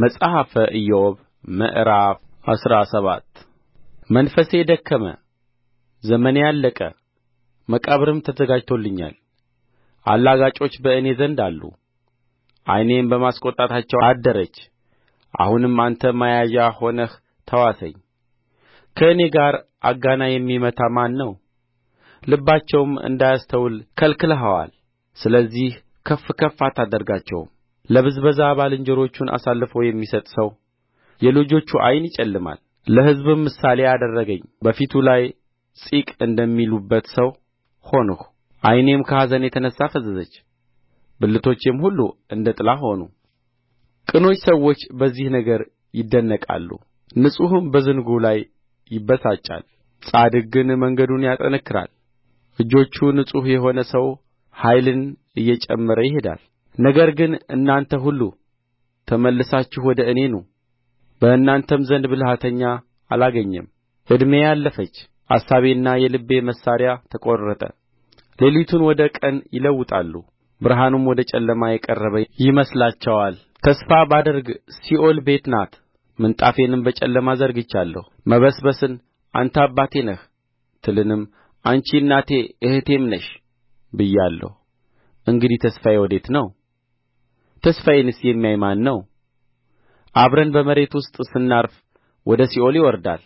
መጽሐፈ ኢዮብ ምዕራፍ አስራ ሰባት መንፈሴ ደከመ ዘመኔ አለቀ መቃብርም ተዘጋጅቶልኛል አላጋጮች በእኔ ዘንድ አሉ ዓይኔም በማስቈጣታቸው አደረች አሁንም አንተ መያዣ ሆነህ ተዋሰኝ ከእኔ ጋር አጋና የሚመታ ማን ነው ልባቸውም እንዳያስተውል ከልክለኸዋል ስለዚህ ከፍ ከፍ አታደርጋቸውም ለብዝበዛ ባልንጀሮቹን አሳልፎ የሚሰጥ ሰው የልጆቹ ዓይን ይጨልማል ለሕዝብም ምሳሌ አደረገኝ በፊቱ ላይ ጺቅ እንደሚሉበት ሰው ሆንሁ ዓይኔም ከኀዘን የተነሣ ፈዘዘች ብልቶቼም ሁሉ እንደ ጥላ ሆኑ ቅኖች ሰዎች በዚህ ነገር ይደነቃሉ ንጹሕም በዝንጉ ላይ ይበሳጫል ጻድቅ ግን መንገዱን ያጠነክራል እጆቹ ንጹሕ የሆነ ሰው ኃይልን እየጨመረ ይሄዳል ነገር ግን እናንተ ሁሉ ተመልሳችሁ ወደ እኔ ኑ በእናንተም ዘንድ ብልሃተኛ አላገኘም ዕድሜዬ አለፈች አሳቤና የልቤ መሣሪያ ተቈረጠ ሌሊቱን ወደ ቀን ይለውጣሉ ብርሃኑም ወደ ጨለማ የቀረበ ይመስላቸዋል ተስፋ ባደርግ ሲኦል ቤት ናት ምንጣፌንም በጨለማ ዘርግቻለሁ መበስበስን አንተ አባቴ ነህ ትልንም አንቺ እናቴ እኅቴም ነሽ ብያለሁ እንግዲህ ተስፋዬ ወዴት ነው ተስፋዬንስ የሚያይ ማን ነው አብረን በመሬት ውስጥ ስናርፍ ወደ ሲኦል ይወርዳል